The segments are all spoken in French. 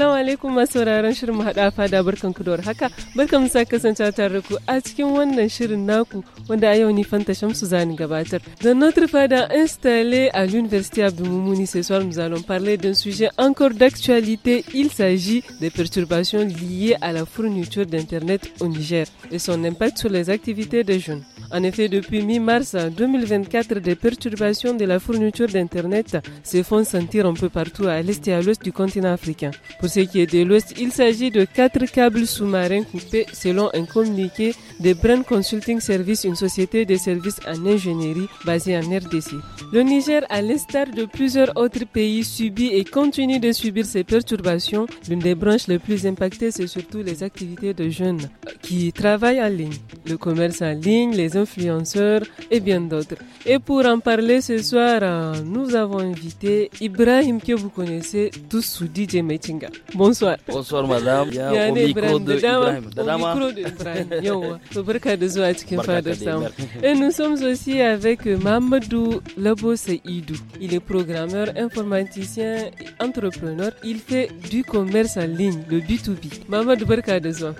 Assalamu shirin Dans notre fada installé à l'université Moumouni ce soir nous allons parler d'un sujet encore d'actualité. Il s'agit des perturbations liées à la fourniture d'internet au Niger et son impact sur les activités des jeunes. En effet, depuis mi-mars 2024, des perturbations de la fourniture d'internet se font sentir un peu partout à l'est et à l'ouest du continent africain. Pour ce qui est de l'Ouest, il s'agit de quatre câbles sous-marins coupés selon un communiqué de Brand Consulting Service, une société de services en ingénierie basée en RDC. Le Niger, à l'instar de plusieurs autres pays, subit et continue de subir ces perturbations. L'une des branches les plus impactées, c'est surtout les activités de jeunes qui travaillent en ligne, le commerce en ligne, les influenceurs et bien d'autres. Et pour en parler ce soir, euh, nous avons invité Ibrahim que vous connaissez tous sous DJ Metinga. Bonsoir. Bonsoir madame. Ya, ya ne Ibrahim Au micro de Ibrahim. Yo To barka da zuwa cikin fadar samu. Et nous sommes aussi avec Mamadou Labo Seidou. Il est programmeur, informaticien, entrepreneur. Il fait du commerce en ligne, le B2B. Mamadou barka da zuwa.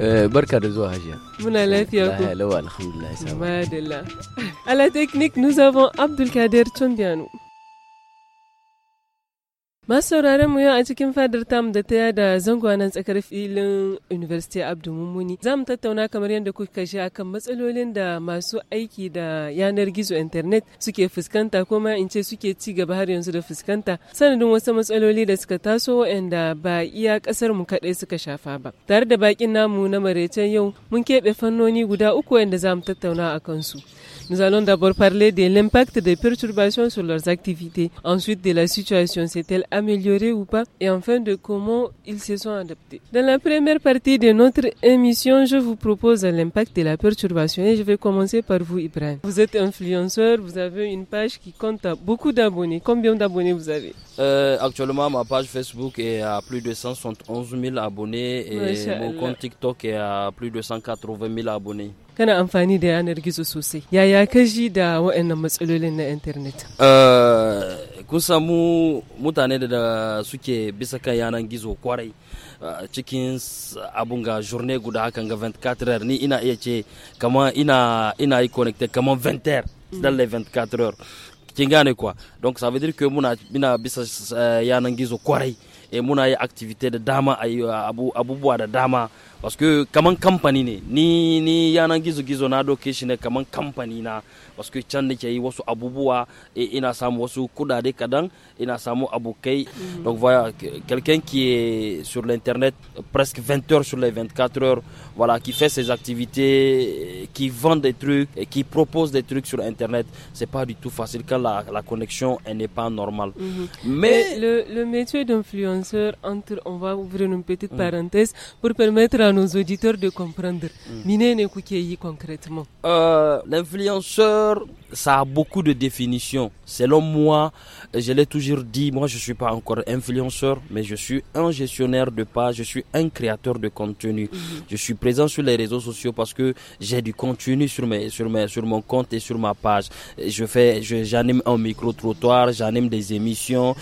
Euh, barka da zuwa hajiya muna lafiya ku alhamdulillah À la technique nous avons Abdoulkader tumbiano sauraron mu yau a cikin fadar tam da ta yada zangwanan tsakar filin University Abdu Mummuni. Za mu tattauna kamar yadda kuka shi akan matsalolin da masu aiki da yanar gizo internet suke fuskanta ko ma in ce suke ci gaba har yanzu da fuskanta sanadin wasu matsaloli da suka taso waɗanda ba iya kasar mu kadai suka shafa ba. Tare da bakin namu na maraicen yau mun keɓe fannoni guda uku waɗanda za mu tattauna a kansu. Nous allons d'abord parler de l'impact des perturbations sur leurs activités, ensuite de la situation s'est-elle améliorer ou pas et enfin de comment ils se sont adaptés. Dans la première partie de notre émission, je vous propose l'impact et la perturbation et je vais commencer par vous Ibrahim. Vous êtes influenceur, vous avez une page qui compte beaucoup d'abonnés. Combien d'abonnés vous avez euh, Actuellement, ma page Facebook est à plus de 171 000 abonnés et mon compte TikTok est à plus de 180 000 abonnés. kana amfani da yanar gizo sosai yaya ka ji da waɗannan matsalolin na intanet eh, kun samu mutane da suke bisa kan yanar gizo kwarai eh, cikin abun ga journée guda hakan ga 24 ni ina iya ce kama ina ina yi connecté kama 20 heures dans 24 heures kin gane kuwa donc ça veut dire que muna bisa eh, yanar gizo kwarai e muna yi activité da dama abu, abubuwa da dama parce kaman kamfani ne ni ni yanan gizo gizo na doke shi ne kaman kamfani na parce que wasu abubuwa ina samu wasu kadan ina samu mm. Donc voilà, quelqu'un qui est sur l'internet presque 20 heures sur les 24 heures, voilà, qui fait ses activités, qui vend des trucs, et qui propose des trucs sur internet, c'est pas du tout facile quand la, la connexion n'est pas normale. Mm-hmm. Mais, le, métier d'influenceur on va ouvrir une petite mm. parenthèse pour permettre à nos auditeurs de comprendre. Mm. concrètement. Euh, l'influenceur ça a beaucoup de définitions. Selon moi, je l'ai toujours dit, moi je ne suis pas encore influenceur, mais je suis un gestionnaire de page, je suis un créateur de contenu. Mhm. Je suis présent sur les réseaux sociaux parce que j'ai du contenu sur, mes, sur, mes, sur mon compte et sur ma page. Je fais, j'anime un micro-trottoir, j'anime des émissions,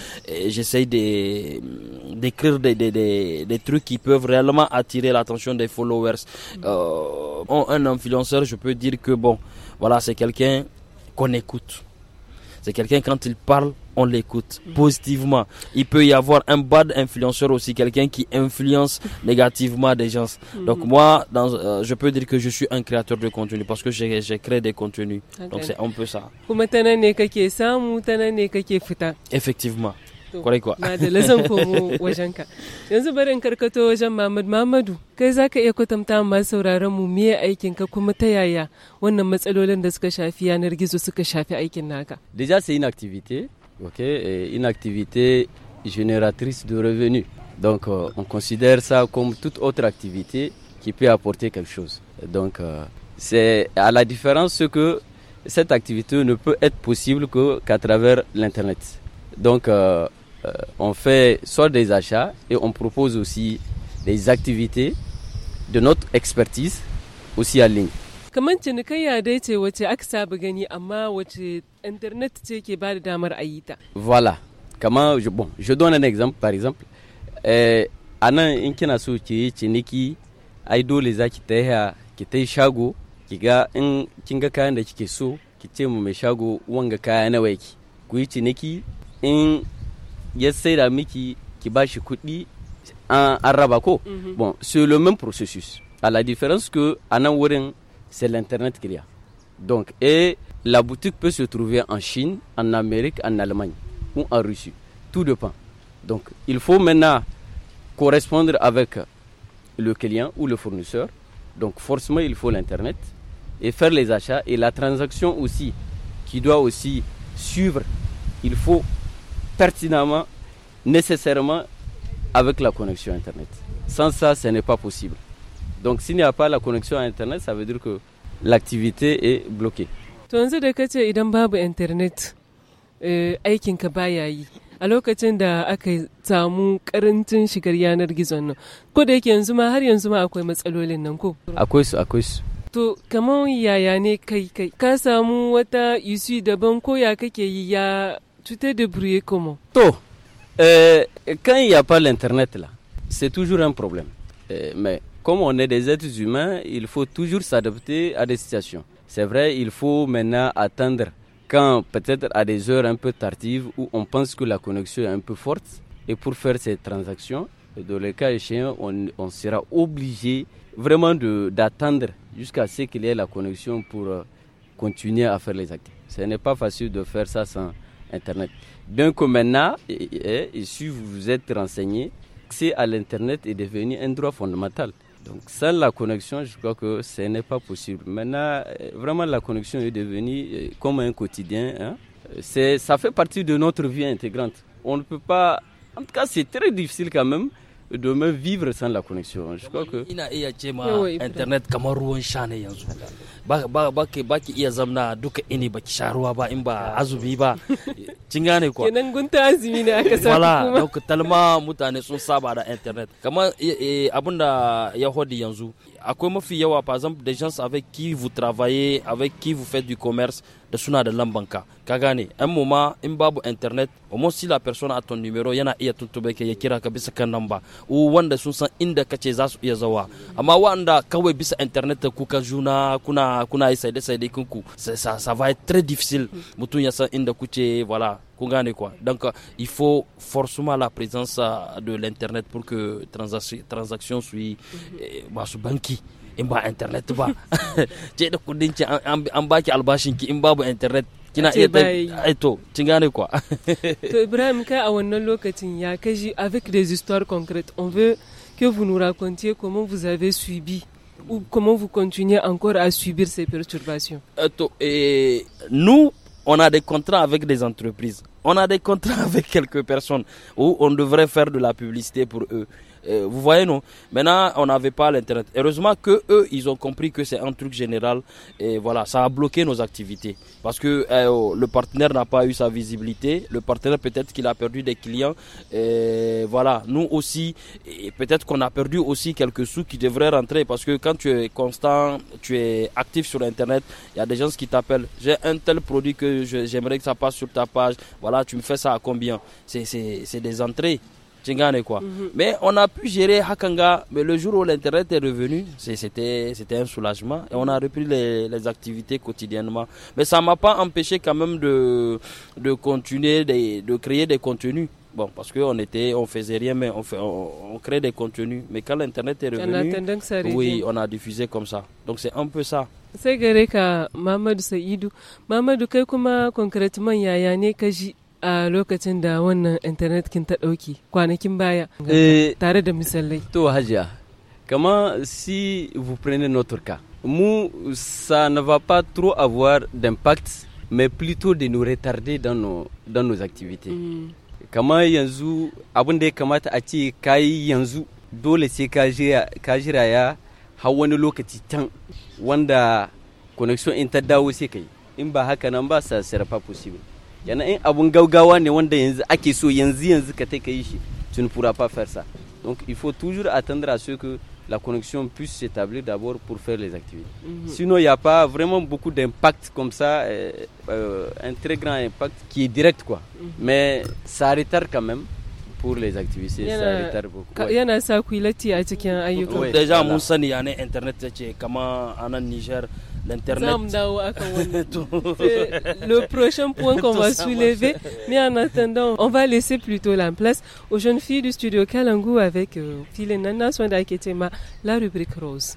j'essaye d'écrire des, des, trucs qui peuvent réellement attirer l'attention des followers. Mhm. Euh, un influenceur, je peux dire que bon, voilà, c'est quelqu'un qu'on écoute. C'est quelqu'un quand il parle, on l'écoute mm. positivement. Il peut y avoir un bad influenceur aussi, quelqu'un qui influence négativement des gens. Mm-hmm. Donc moi, euh, je peux dire que je suis un créateur de contenu parce que j'ai créé des contenus. Donc c'est un peu ça. Effectivement kwarai kuwa madalla zan komo wajenka yanzu barin karkato wajen mamad mamadu kai za ka iya kwatanta masu sauraron mu me aikin ka kuma ta yaya wannan matsalolin da suka shafi yanar gizo suka shafi aikin naka deja c'est une activité ok Et une activité génératrice de revenus donc euh, on considère ça comme toute autre activité qui peut apporter quelque chose donc euh, c'est à la différence que cette activité ne peut être possible qu'à qu travers l'internet donc euh, euh, on fait soit des achats et on propose aussi des activités de notre expertise aussi en ligne. Comment kamar cinikayya pas ce wace tu as gani à ma internet ce ke ba da damar a yi ta. Voilà, comment je, bon, je donne un exemple par exemple. Eh, a nan in kina les ki qui ciniki ai dole za ki ta ki ta shago ki ga in kin ga kayan da kike so shago wanga kaya nawa yake ku un ya y miki ki bashi kuɗi an raba ko mhm. bon c'est le même processus à la différence que à c'est l'internet qu'il y a donc et la boutique peut se trouver en Chine en Amérique en Allemagne ou en Russie tout dépend donc il faut maintenant correspondre avec le client ou le fournisseur donc forcément il faut l'internet et faire les achats et la transaction aussi qui doit aussi suivre il faut pertinemment, nécessairement avec la connexion Internet. Sans ça, ce n'est pas possible. Donc s'il n'y a pas la connexion à Internet, ça veut dire que l'activité est bloquée. Eh, aikinka baya yi a lokacin da aka samu karancin shigar yanar gizon nan ko da yake yanzu ma har yanzu ma akwai matsalolin nan ko akwai su akwai su to kamar yaya ne kai kai ka samu wata isu daban ko ya kake yi ya tu t'es débrouillé comment Tôt. Euh, quand il n'y a pas l'Internet, là, c'est toujours un problème. Euh, mais comme on est des êtres humains, il faut toujours s'adapter à des situations. C'est vrai, il faut maintenant attendre quand peut-être à des heures un peu tardives où on pense que la connexion est un peu forte. Et pour faire ces transactions, dans le cas échéant, on, sera obligé vraiment d'attendre jusqu'à ce qu'il y ait la connexion pour euh, continuer à faire les actes. Ce n'est pas facile de faire ça sans Internet. Bien que maintenant, si vous vous êtes renseigné, l'accès à l'Internet est devenu un droit fondamental. Donc sans la connexion, je crois que ce n'est pas possible. Maintenant, euh, vraiment, la connexion est devenue euh, comme un quotidien. Hein. Ça fait partie de notre vie intégrante. On ne peut pas... En tout cas, c'est très difficile quand même me vivre sans la connexion je crois que ina iya ce ma internet kamar ruwan sha ne yanzu ba ba ki iya zamna duka ini baki sha ruwa ba in ba imba ba kin gane ko kenan gunta azumi ne aka sa talma mutane sun saba da internet kamar eh, eh, abinda ya yanzu akwai mafi yawa par exemple des gens avec qui vous travaillez avec qui vous faites du commerce da suna da lambanka ka gane an muma in babu internet au moins si la personne a ton numéro yana iya tuntube ka ya kira ka bisa kan namba u wanda sun san inda kace za su iya zawa amma wanda kawai bisa internet kuka juna kuna kuna yi saide saide kinku ça, ça va être très difficile mutum ya san inda kuce voilà quoi Donc, euh, il faut forcément la présence euh, de l'Internet pour que transaction transactions eh, bah, soient banquier. et imba internet ba c'est donc kudin ki an baki albashin ki in babu internet kina ah, iya bah, ah, eto to quoi gane kwa to Ibrahim ka a wannan lokacin ya kaji avec des histoires concrètes on veut que vous nous racontiez comment vous avez subi ou comment vous continuez encore à subir ces perturbations et nous on a des contrats avec des entreprises, on a des contrats avec quelques personnes où on devrait faire de la publicité pour eux. Euh, vous voyez, non Maintenant, on n'avait pas l'Internet. Heureusement que eux, ils ont compris que c'est un truc général. Et voilà, ça a bloqué nos activités. Parce que euh, oh, le partenaire n'a pas eu sa visibilité. Le partenaire, peut-être qu'il a perdu des clients. Et voilà, nous aussi, peut-être qu'on a perdu aussi quelques sous qui devraient rentrer. Parce que quand tu es constant, tu es actif sur Internet, il y a des gens qui t'appellent. J'ai un tel produit que j'aimerais que ça passe sur ta page. Voilà, tu me fais ça à combien C'est des entrées quoi. Mhm. Mais on a pu gérer Hakanga. Mais le jour où l'Internet est revenu, c'était un soulagement. Et on a repris les, activités quotidiennement. Mais ça m'a pas empêché quand même de, de continuer, de, créer des contenus. Bon, parce qu'on était, on faisait rien, mais on, fait, on, crée des contenus. Mais quand l'Internet est revenu, oui, on a diffusé comme ça. Donc c'est un peu ça. C'est Mamadou Saïdou. Mamadou, Kekuma, concrètement, il y a a lokacin da wannan intanet kin ta ɗauki kwanakin baya eh, tare da misalai to hajiya kama si vous prenez notre cas mu ça ne va pas trop avoir d'impact mais plutôt de nous retarder dans nos dans nos activités mm. kama yanzu abin da ya kamata a ce kayi yanzu dole sai ka jira ya har wani lokaci can wanda connection in ta dawo sai kai in ba haka nan ba sa sarrafa possible abun ne wanda yanzu ake so yanzu yanzu ka ta shi tu ne pourras pas faire ça donc il faut toujours attendre à ce que la connexion puisse s'établir d'abord pour faire les activités. Mhm. Sinon, il n'y a pas vraiment beaucoup d'impact comme ça, euh, euh, un très grand impact qui est direct, quoi. Mhm. Mais ça retarde quand même pour les activités, ça retarde beaucoup. Il y a ça qui Déjà, Moussa, il y a Internet, comment en Niger, le prochain point qu'on va soulever, mais en attendant, on va laisser plutôt la place aux jeunes filles du studio Kalangu avec euh, Filenana Swandaketema, la rubrique rose.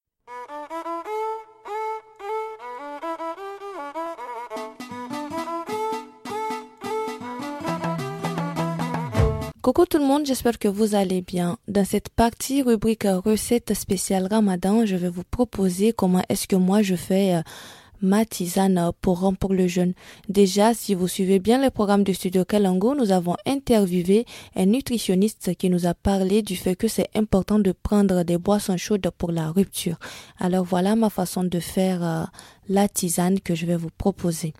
Coucou tout le monde, j'espère que vous allez bien. Dans cette partie rubrique euh, recette spéciale Ramadan, je vais vous proposer comment est-ce que moi je fais euh, ma tisane euh, pour pour le jeûne. Déjà, si vous suivez bien le programme du studio Kalango, nous avons interviewé un nutritionniste qui nous a parlé du fait que c'est important de prendre des boissons chaudes pour la rupture. Alors voilà ma façon de faire la tisane que je vais vous proposer.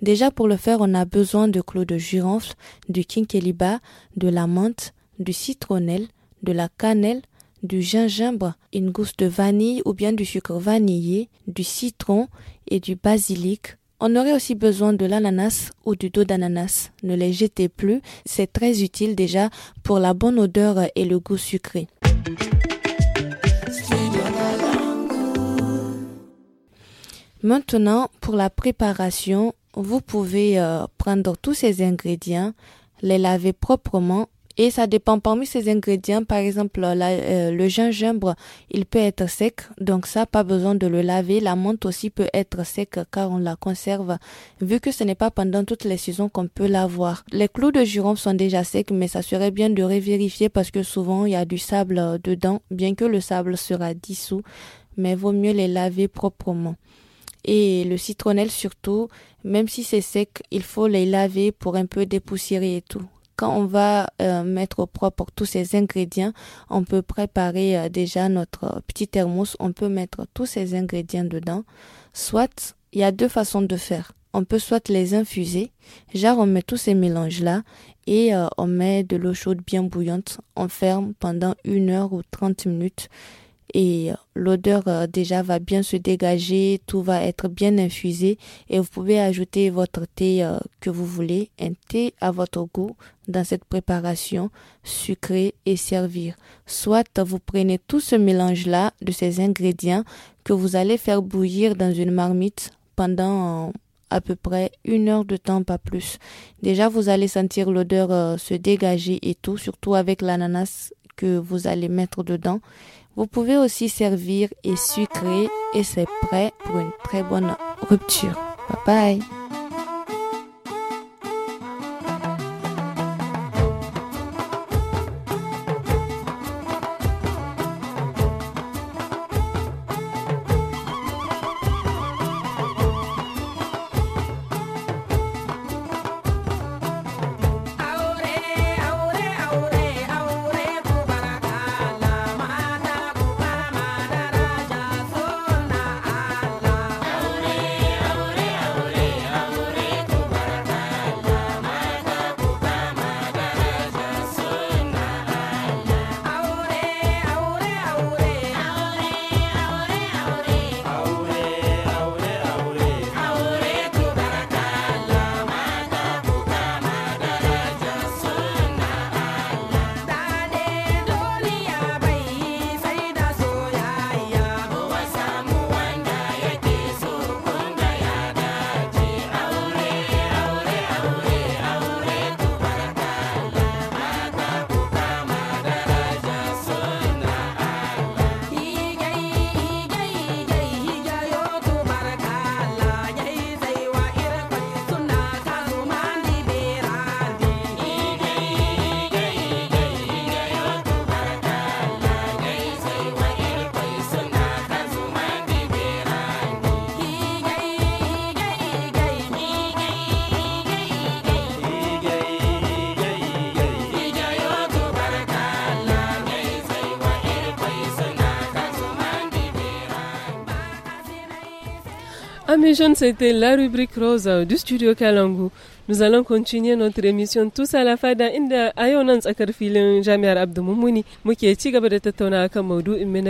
Déjà pour le faire, on a besoin de clous de girofle, du kinkeliba, de la menthe, du citronnelle, de la cannelle, du gingembre, une gousse de vanille ou bien du sucre vanillé, du citron et du basilic. On aurait aussi besoin de l'ananas ou du dos d'ananas. Ne les jetez plus, c'est très utile déjà pour la bonne odeur et le goût sucré. Maintenant, pour la préparation, vous pouvez euh, prendre tous ces ingrédients, les laver proprement et ça dépend parmi ces ingrédients. Par exemple, euh, euh, le gingembre, il peut être sec, donc ça, pas besoin de le laver. La menthe aussi peut être sec car on la conserve, vu que ce n'est pas pendant toutes les saisons qu'on peut l'avoir. Les clous de girofle sont déjà secs, mais ça serait bien de revérifier parce que souvent il y a du sable dedans, bien que le sable sera dissous, mais vaut mieux les laver proprement. Et le citronnelle surtout, même si c'est sec, il faut les laver pour un peu dépoussiérer et tout. Quand on va euh, mettre au propre tous ces ingrédients, on peut préparer euh, déjà notre petit thermos. On peut mettre tous ces ingrédients dedans. Soit, il y a deux façons de faire. On peut soit les infuser, genre on met tous ces mélanges-là et euh, on met de l'eau chaude bien bouillante, on ferme pendant une heure ou trente minutes et euh, l'odeur euh, déjà va bien se dégager, tout va être bien infusé et vous pouvez ajouter votre thé euh, que vous voulez, un thé à votre goût dans cette préparation, sucrée et servir. Soit vous prenez tout ce mélange-là de ces ingrédients que vous allez faire bouillir dans une marmite pendant à peu près une heure de temps, pas plus. Déjà, vous allez sentir l'odeur se dégager et tout, surtout avec l'ananas que vous allez mettre dedans. Vous pouvez aussi servir et sucrer et c'est prêt pour une très bonne rupture. Bye bye mes jeunes, c'était la rubrique rose du studio Kalangu. Nous allons continuer notre émission tous à la fada inda a Ayonans filin jami'ar Abdu Mummuni muke ci gaba da tattauna kan maudu'in mu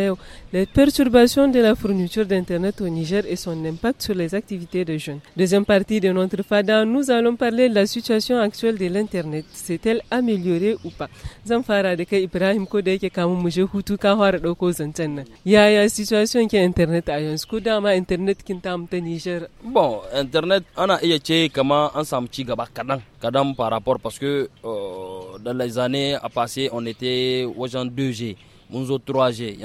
les perturbations de la fourniture d'internet au Niger et son impact sur les activités des jeunes. Deuxième partie de notre fada, nous allons parler de la situation actuelle de l'internet. S'est-elle améliorée ou pas? Zamfara de da kai Ibrahim ko da yake kamun mu je hutu ka fara dauko zancen nan. ya situation ke internet a yanzu? Ko dama internet kin ta Niger? Bon, internet ana iya ce kama an samu par rapport parce que euh, dans les années à passer on était aux gens 2G nous 3G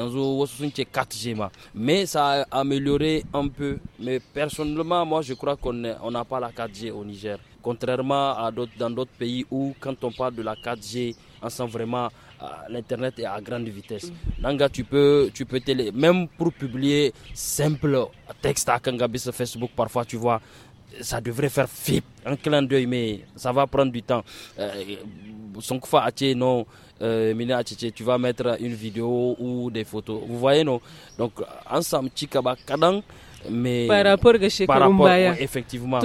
4G mais ça a amélioré un peu mais personnellement moi je crois qu'on n'a pas la 4G au Niger contrairement à d'autres dans d'autres pays où quand on parle de la 4G on sent vraiment euh, l'internet est à grande vitesse nanga tu peux tu peux même pour publier simple texte à Kangabis Facebook parfois tu vois ça devrait faire flip, un clin d'œil, mais ça va prendre du temps. Euh, Son non, euh, Mina tu vas mettre une vidéo ou des photos. Vous voyez, non Donc, ensemble, Chikaba Kadang, mais par rapport effectivement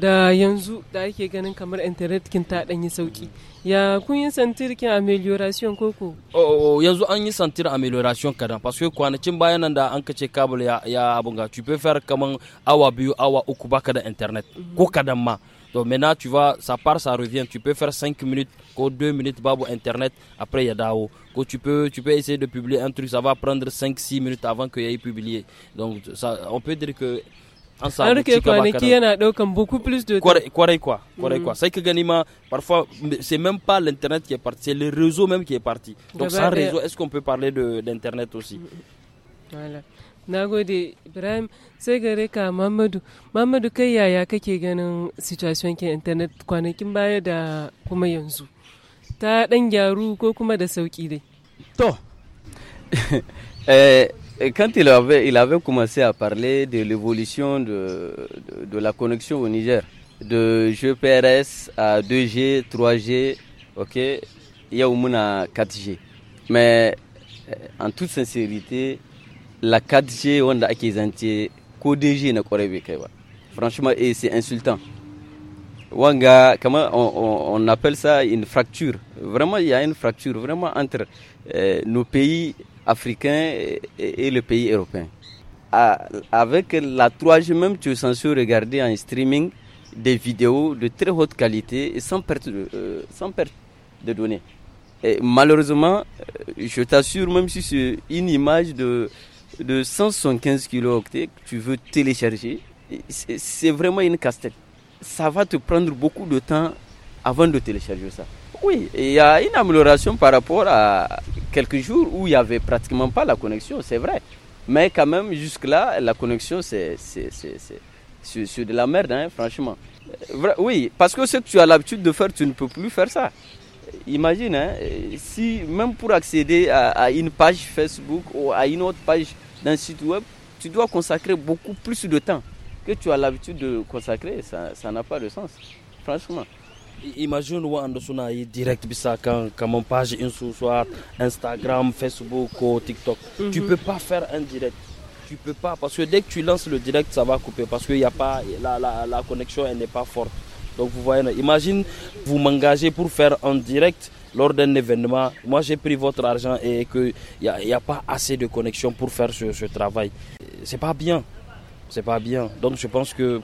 da yanzu da ake ganin kamar internet kin ta danyi sauki ya kun yi santir kin amelioration koko oh, yanzu an yi santir amelioration kadan parce que kwanacin bayan nan da an kace cable ya, ya abun tu peux faire kaman awa biyu awa uku baka da internet mhm. ko kadan ma Donc maintenant, tu vois, ça part, ça revient. Tu peux faire 5 minutes, ko 2 minutes, babu internet, après il y a tu peux, tu peux essayer de publier un truc, ça va prendre 5-6 minutes avant qu'il y ait publié. Donc ça, on peut dire que an samu an rike kwanaki yana daukan beaucoup plus de quoi quoi quoi quoi sai que gani parfois c'est même pas l'internet qui est parti c'est le réseau même qui est parti donc sans réseau est-ce qu'on peut parler de d'internet aussi mm, mm. voilà na gode ibrahim sai gare ka mamadu mamadu kai yaya kake ganin situation ke internet kwanakin baya da kuma yanzu ta dan gyaru ko kuma da sauki dai to eh quand il avait, il avait commencé à parler de l'évolution de, de, la connexion au Niger, de GPRS à 2G, 3G, ok, à 4G. Mais euh, en toute sincérité, la 4G, on a acquis ko DG na franchement et c'est insultant wanga comment on, appelle ça une fracture vraiment il y a une fracture vraiment entre euh, nos pays Africain et, le pays européen. avec la 3G même, tu es censé regarder en streaming des vidéos de très haute qualité et sans perte de, euh, sans perte de données. malheureusement, euh, je t'assure, même si c'est une image de, de 175 kilooctets que tu veux télécharger, c'est vraiment une casse-tête. Ça va te prendre beaucoup de temps avant de télécharger ça. Oui, il y a une amélioration par rapport à quelques jours où il n'y avait pratiquement pas la connexion, c'est vrai. Mais quand même, jusque-là, la connexion, c'est de la merde, hein, franchement. Oui, parce que ce que tu as l'habitude de faire, tu ne peux plus faire ça. Imagine, hein, si même pour accéder à, à, une page Facebook ou à une autre page d'un site web, tu dois consacrer beaucoup plus de temps que tu as l'habitude de consacrer. Ça n'a pas de sens, franchement imagine où suna yi direct bisa quand mon page in su Instagram, Facebook ou TikTok. Tu mhm. ne Tu peux pas faire un direct. Tu peux pas parce que dès que tu lances le direct, ça va couper parce que y a pas la, la, la connexion elle n'est pas forte. Donc vous voyez, imagine vous m'engagez pour faire un direct lors d'un événement. Moi j'ai pris votre argent et que n'y a, y a pas assez de connexion pour faire ce, ce travail. C'est pas bien. C'est pas bien. Donc je pense que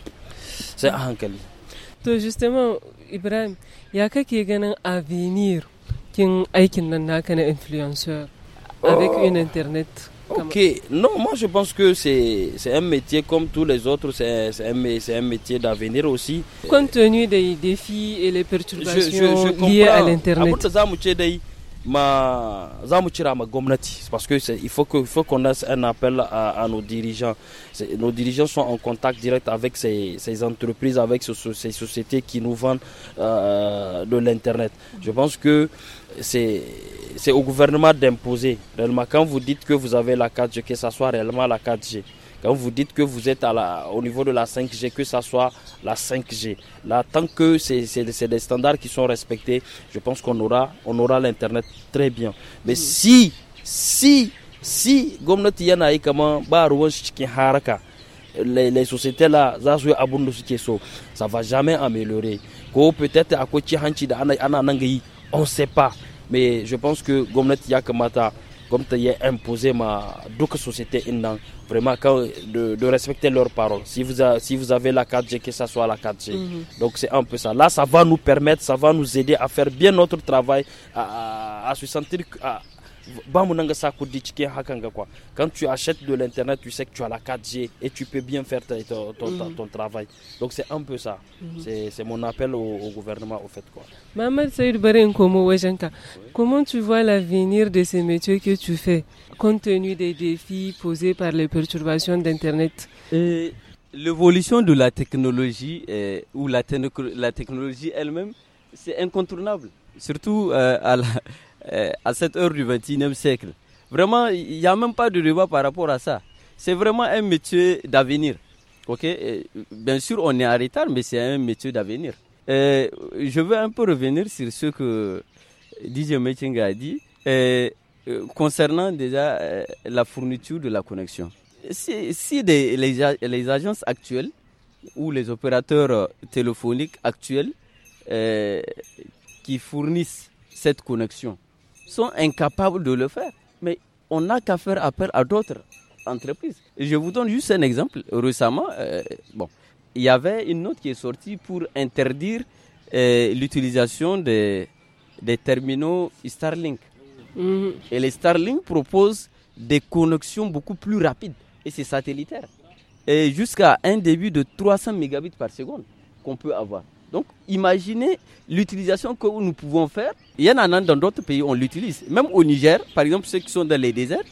c'est Ankali. justement, ibrahim ya kake ganin avenir kin aikin nan naka na influenceur avec oh. une internet Ok, non, moi je pense que c'est un métier comme tous les autres, c'est un, un métier d'avenir aussi. Compte tenu des défis et les perturbations je, je, je liées à l'Internet ma ça ma parce que il faut que faut qu'on ait un appel à, nos dirigeants nos dirigeants sont en contact direct avec ces, entreprises avec ces sociétés qui nous vendent euh, de l'internet je pense que c'est c'est au gouvernement d'imposer réellement quand vous dites que vous avez la 4G que ça soit réellement la 4G quand vous dites que vous êtes à au niveau de la 5G, que ça soit la 5G. Là, tant que c'est des standards qui sont respectés, je pense qu'on aura, on aura l'Internet très bien. Mais mm. si, si, si, comme les, sociétés là, ça ne ça va jamais améliorer. peut-être à côté sait pas. Mais je pense que comme tu y imposé ma toute société vraiment quand, de, de, respecter leurs paroles si vous si vous avez la 4G que ça soit la 4G mhm. donc c'est un peu ça là ça va nous permettre ça va nous aider à faire bien notre travail à, à, à se sentir à, quand tu achètes de l'internet, tu sais que tu as la 4G et tu peux bien faire ton, mm. ton, travail. Donc c'est un peu ça. Mm-hmm. C'est mon appel au, gouvernement au fait quoi. comment tu vois l'avenir de ces métiers que tu fais compte tenu des défis posés par les perturbations d'internet? L'évolution de la technologie euh, ou la, la technologie elle-même, c'est incontournable. Surtout euh, à la, euh, à cette heure du XXIe siècle. Vraiment, il n'y a même pas de débat par rapport à ça. C'est vraiment un métier d'avenir. ok Bien sûr, on est en retard, mais c'est un métier d'avenir. Euh, je veux un peu revenir sur ce que euh, DJ Metinga a dit concernant déjà la fourniture de la connexion. Si, les, agences actuelles ou les opérateurs téléphoniques actuels qui fournissent cette connexion sont incapables de le faire. Mais on n'a qu'à faire appel à d'autres entreprises. je vous donne juste un exemple. Récemment, euh, bon, il y avait une note qui est sortie pour interdire euh, l'utilisation des, des terminaux Starlink. Mhm. Et les Starlink proposent des connexions beaucoup plus rapides et c'est satellitaire. Et jusqu'à un début de 300 mégabits par qu'on peut avoir. Donc imaginez l'utilisation que nous pouvons faire. Il y en a dans d'autres pays, on l'utilise. Même au Niger, par exemple, ceux qui sont dans les déserts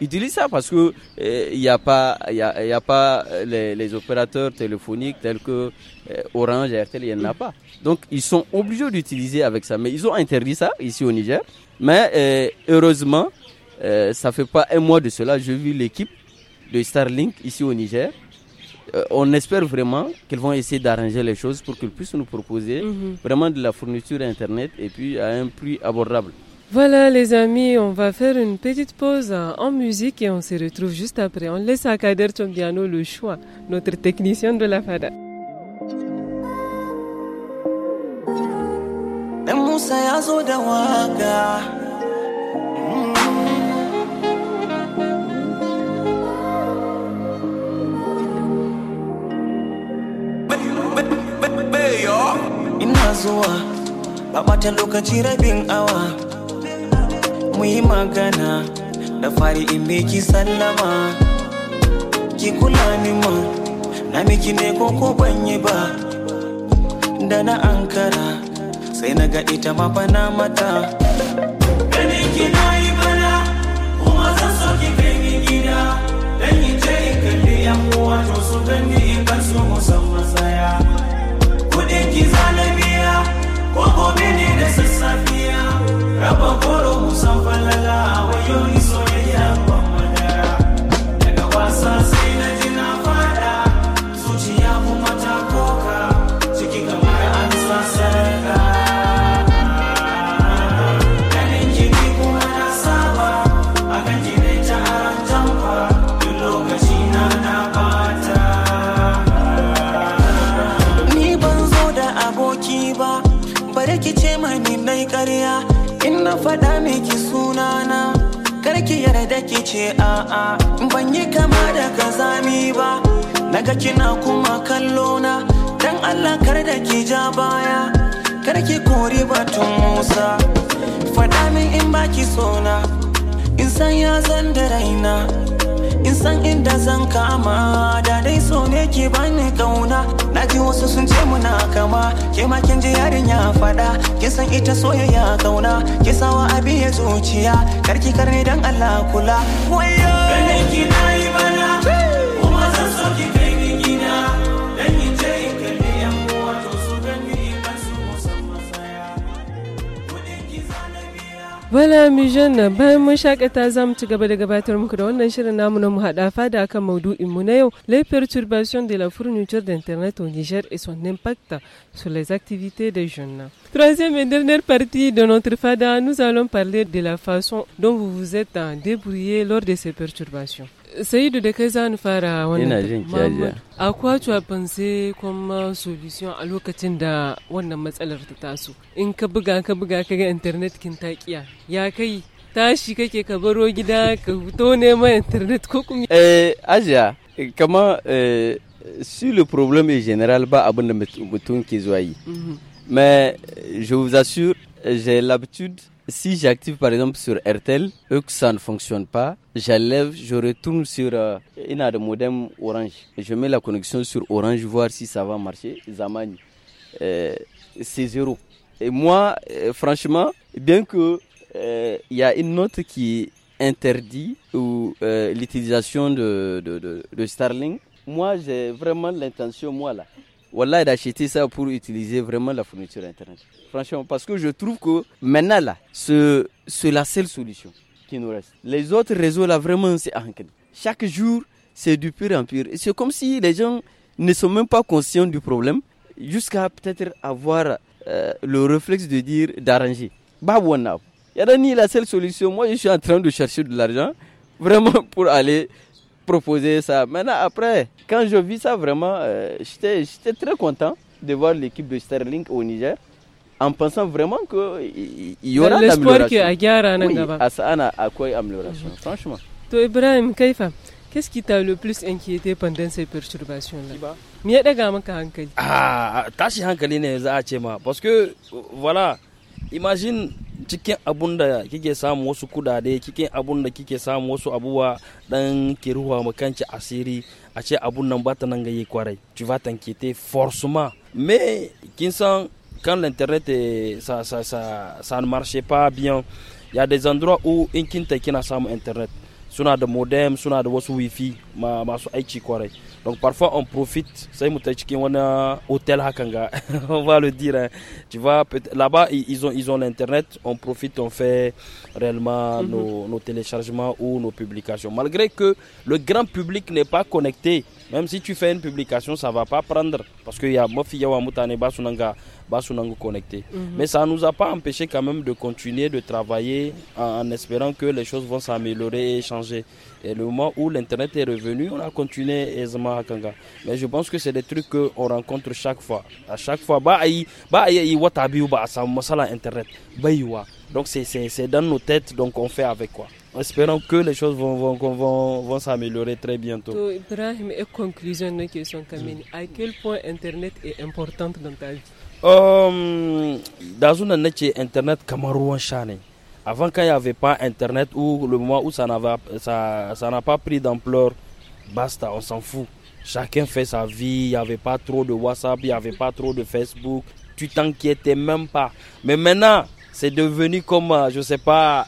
utilisent ça parce qu'il eh, n'y a pas, eh, les, opérateurs téléphoniques tels que eh, Orange, RTL, il n'y en a pas. Donc ils sont obligés d'utiliser avec ça. Mais ils ont interdit ça ici au Niger. Mais heureusement, ça fait pas un mois de cela, j'ai vu l'équipe de Starlink ici au Niger euh, on espère vraiment qu'ils vont essayer d'arranger les choses pour qu'ils puissent nous proposer mhm. vraiment de la fourniture Internet et puis à un prix abordable. Voilà les amis, on va faire une petite pause en musique et on se retrouve juste après. On laisse à Kader Chombiano le choix, notre technicien de la FADA. zuwa ba bata lokaci rabin awa muyi magana da fari in ki sallama ki kula ni ma na miki ne ko ko ban yi ba da na ankara sai na ga ita ma bana mata ganin na yi kuma zan so ki ni gida je in yan uwa to su gani in kan su musamman saya. kudin ki zalai kwako mimi nesa safia raba koro musamfalala wayo faɗa min in baki sona in san ya zan da in san inda zan kama da dai so ne ke bani kauna na ji wasu sun ce muna kama ke ma kin ji yarin ya faɗa kin san ita soyayya kauna Ke sawa abi ya zuciya karki karne dan Allah kula wayo ki na Wala mes jeunes, les perturbations de la fourniture d'internet au Niger et son impact sur les activités des jeunes. Troisième et dernière partie de notre fada, nous allons parler de la façon dont vous vous êtes débrouillé lors de ces perturbations. Saïd, da kai zani fara wannan jin kyajiya. A kwacewa fanse kuma solution a lokacin da wannan matsalar ta taso. In ka buga ka buga ka ga internet kin takiya. Ya kai tashi kake ka baro gida ka fito neman internet ko kuma. Eh, ajiya, kama eh, si le problème est général ba abin da mutum ke zuwa yi. Mhm. Mais je vous assure, j'ai l'habitude, si j'active par exemple sur RTL, eux que ça ne fonctionne pas, j'enlève, je retourne sur euh, une de modem Orange. Je mets la connexion sur Orange, voir si ça va marcher. Zaman, euh, c'est zéro. Et moi, euh, franchement, bien que il y a une note qui interdit l'utilisation de, de, moi j'ai vraiment l'intention, moi là, voilà, d'acheter ça pour utiliser vraiment la fourniture Internet. Franchement, parce que je trouve que maintenant là, c'est la seule solution nous reste. Les autres réseaux, là, vraiment, c'est Chaque jour, c'est du pur en pire. C'est comme si les gens ne sont même pas conscients du problème, jusqu'à peut-être avoir euh, le réflexe de dire d'arranger. Bah, a ni la seule solution, moi, je suis en train de chercher de l'argent, vraiment, pour aller proposer ça. Maintenant, après, quand je vis ça, vraiment, euh, j'étais très content de voir l'équipe de Sterling au Niger en pensant vraiment qu'il y aura la l'amélioration. Asana, à quoi amélioration, franchement. Toi Ibrahim Kaifa, qu'est-ce qui t'a le plus inquiété pendant ces perturbations-là Ah, tashi hankali ne za a ce ma parce que voilà, imagine cikin abun abunda, kike samu wasu kudade cikin abun da kike samu wasu abubuwa dan ki ruwa makanci asiri a ce abun nan ba ta nan gaye kwarai tu vas t'inquiéter forcément mais kin san quand l'internet ça, ça, ça, ça, ne marchait pas bien, il y a des endroits où qui pas un internet. Soit de modem, soit de wifi donc parfois on profite on va le dire hein. tu vois là-bas ils ont ils ont l'internet on profite on fait réellement mhm. nos, nos téléchargements ou nos publications malgré que le grand public n'est pas connecté même si tu fais une publication ça va pas prendre parce qu'il y a mafi yawa mutane connecté mhm. mais ça nous a pas empêché quand même de continuer de travailler en, en espérant que les choses vont s'améliorer et changer et le moment où l'internet est revenu venu, on a continué aisément à Kanga. Mais je pense que c'est des trucs qu'on rencontre chaque fois. À chaque fois, bah, internet, Donc, c'est dans nos têtes, donc on fait avec quoi. Espérons que les choses vont, vont, vont, vont s'améliorer très bientôt. Ibrahim, et conclusion de question, Kamini. À quel point Internet est importante dans ta vie euh, Dans une année, Internet, Cameroun, Chane. Avant, quand il n'y avait pas Internet, ou le moment où ça n'a ça, ça pas pris d'ampleur, Basta, on s'en fout. Chacun fait sa vie, il n'y avait pas trop de WhatsApp, il n'y avait pas trop de Facebook. Tu t'inquiétais même pas. Mais maintenant, c'est devenu comme, euh, je ne sais pas,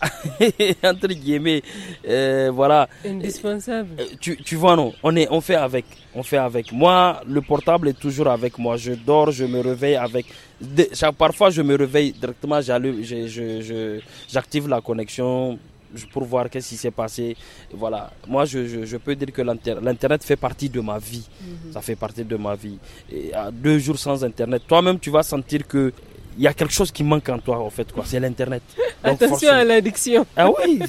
entre guillemets, euh, voilà. Indispensable. Euh, tu, vois, non, on, est, on fait avec. On fait avec. Moi, le portable est toujours avec moi. Je dors, je me réveille avec. parfois, je me réveille directement, j'active je, la connexion pour voir qu'est-ce qui s'est passé. Voilà. Moi, je, peux dire que l'Internet fait partie de ma vie. Mhm. Ça fait partie de ma vie. Et à deux jours sans Internet, toi-même, tu vas sentir que il y a quelque chose qui manque en toi, en fait, quoi. C'est l'Internet. Attention à l'addiction. Ah oui!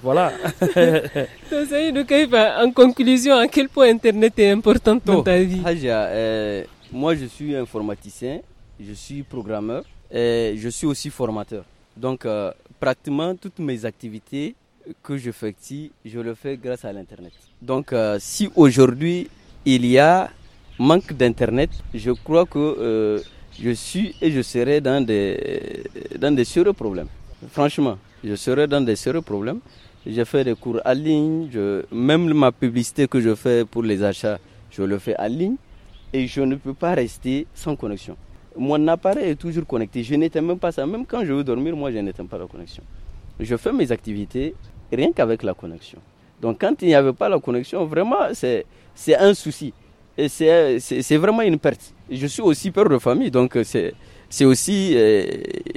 Voilà. Bah, en conclusion, à quel point Internet est important dans ta vie euh, moi je suis informaticien, je suis programmeur, et je suis aussi formateur. Donc euh, pratiquement toutes mes activités que je j'effectue, je le fais grâce à l'Internet. Donc euh, si aujourd'hui il y a manque d'Internet, je crois que euh, je suis et je serai dans des, dans sérieux problèmes. Franchement, je serai dans des sérieux problèmes. Je fais des cours en ligne, même ma publicité que je fais pour les achats, je le fais en ligne et je ne peux pas rester sans connexion mon appareil est toujours connecté. Je n'éteins même pas ça. Même quand je veux dormir, moi, je n'éteins pas la connexion. Je fais mes activités rien qu'avec la connexion. Donc quand il n'y avait pas la connexion, vraiment, c'est un souci. Et c'est vraiment une perte. Je suis aussi père de famille, donc euh, c'est aussi euh,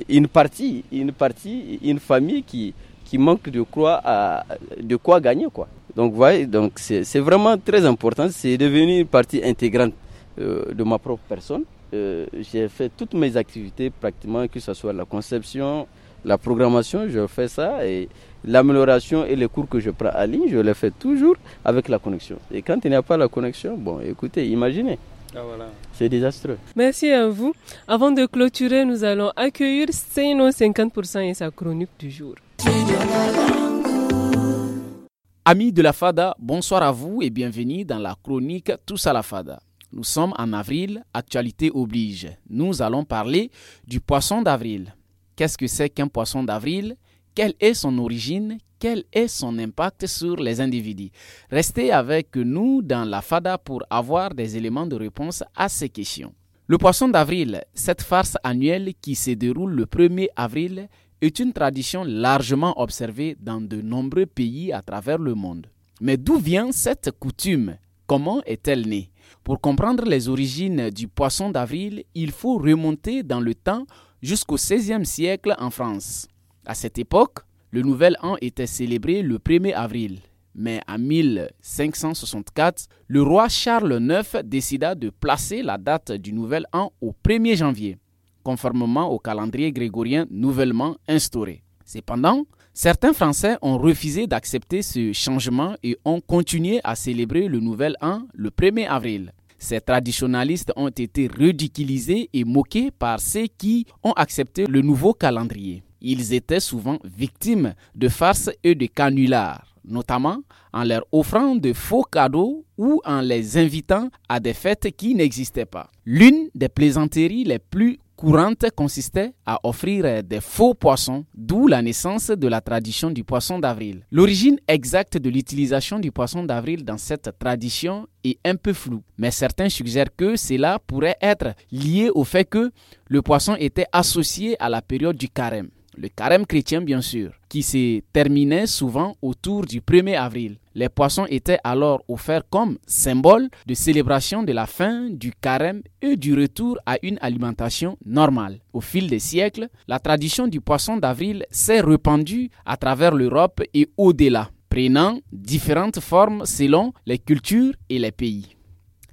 une partie, une partie, une famille qui, qui manque de quoi, à, de quoi gagner. Quoi. Donc voyez, donc c'est vraiment très important. C'est devenu une partie intégrante euh, de ma propre personne. Euh, j'ai fait toutes mes activités pratiquement, que ce soit la conception, la programmation, je fais ça et l'amélioration et les cours que je prends à ligne, je les fais toujours avec la connexion. Et quand il n'y a pas la connexion, bon, écoutez, imaginez. Ah, C'est désastreux. Merci à vous. Avant de clôturer, nous allons accueillir Seino 50% et sa chronique du jour. Amis de la FADA, bonsoir à vous et bienvenue dans la chronique Tous à la FADA. Nous sommes en avril, actualité oblige. Nous allons parler du poisson d'avril. Qu'est-ce que c'est qu'un poisson d'avril Quelle est son origine Quel est son impact sur les individus Restez avec nous dans la FADA pour avoir des éléments de réponse à ces questions. Le poisson d'avril, cette farce annuelle qui se déroule le 1er avril, est une tradition largement observée dans de nombreux pays à travers le monde. Mais d'où vient cette coutume Comment est-elle née pour comprendre les origines du poisson d'avril, il faut remonter dans le temps jusqu'au XVIe siècle en France. À cette époque, le nouvel an était célébré le 1er avril. Mais en 1564, le roi Charles IX décida de placer la date du nouvel an au 1er janvier, conformément au calendrier grégorien nouvellement instauré. Cependant, Certains Français ont refusé d'accepter ce changement et ont continué à célébrer le nouvel an le 1er avril. Ces traditionalistes ont été ridiculisés et moqués par ceux qui ont accepté le nouveau calendrier. Ils étaient souvent victimes de farces et de canulars, notamment en leur offrant de faux cadeaux ou en les invitant à des fêtes qui n'existaient pas. L'une des plaisanteries les plus courantes consistait à offrir des faux poissons, d'où la naissance de la tradition du poisson d'avril. L'origine exacte de l'utilisation du poisson d'avril dans cette tradition est un peu floue, mais certains suggèrent que cela pourrait être lié au fait que le poisson était associé à la période du carême, le carême chrétien bien sûr, qui se terminait souvent autour du 1er avril. Les poissons étaient alors offerts comme symbole de célébration de la fin, du carême et du retour à une alimentation normale. Au fil des siècles, la tradition du poisson d'avril s'est répandue à travers l'Europe et au-delà, prenant différentes formes selon les cultures et les pays.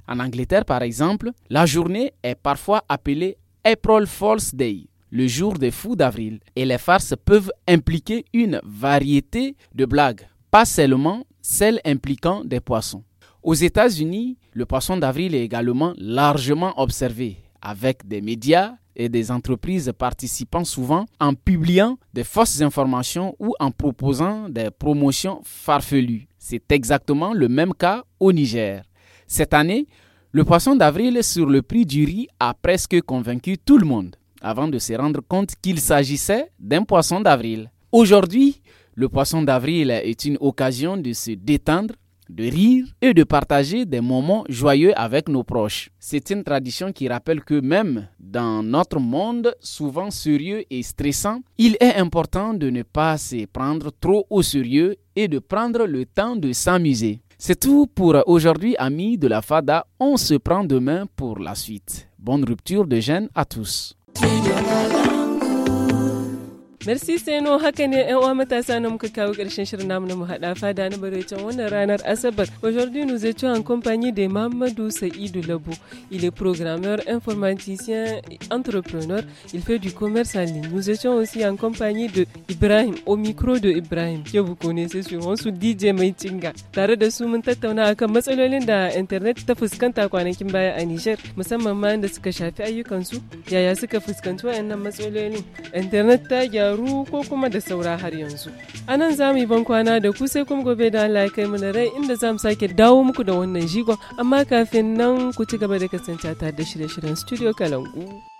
En Angleterre, par exemple, la journée est parfois appelée April Fool's Day, le jour des fous d'avril, et les farces peuvent impliquer une variété de blagues pas seulement celles impliquant des poissons. Aux États-Unis, le poisson d'avril est également largement observé, avec des médias et des entreprises participant souvent en publiant des fausses informations ou en proposant des promotions farfelues. C'est exactement le même cas au Niger. Cette année, le poisson d'avril sur le prix du riz a presque convaincu tout le monde, avant de se rendre compte qu'il s'agissait d'un poisson d'avril. Aujourd'hui, le poisson d'avril est une occasion de se détendre, de rire et de partager des moments joyeux avec nos proches. C'est une tradition qui rappelle que même dans notre monde souvent sérieux et stressant, il est important de ne pas se prendre trop au sérieux et de prendre le temps de s'amuser. C'est tout pour aujourd'hui, amis de la FADA. On se prend demain pour la suite. Bonne rupture de gêne à tous. Merci Seno haka ne ƴan uwa matasa na muka kawo ƙarshen shirin namu na mu haɗa fada na barecin wannan ranar Asabar. Aujourd'hui nous étions en compagnie de Mamadou Saïdou Labo. Il est programmeur, informaticien, entrepreneur. Il fait du commerce en ligne. Nous étions aussi en compagnie de Ibrahim, au micro de Ibrahim, que vous connaissez sûrement sous DJ Maitinga. Tare da su mun tattauna akan matsalolin da internet ta fuskanta kwanakin baya a Niger, musamman ma da suka shafi su. yaya suka fuskanci waɗannan matsalolin. Internet ta gyaru shekaru ko kuma da saura har yanzu. A nan za mu yi ban kwana da ku sai kuma gobe da Allah ya kai mu da rai inda za mu sake dawo muku da wannan jigon amma kafin nan ku ci gaba da kasancewa tare da shirye-shiryen studio Kalangu.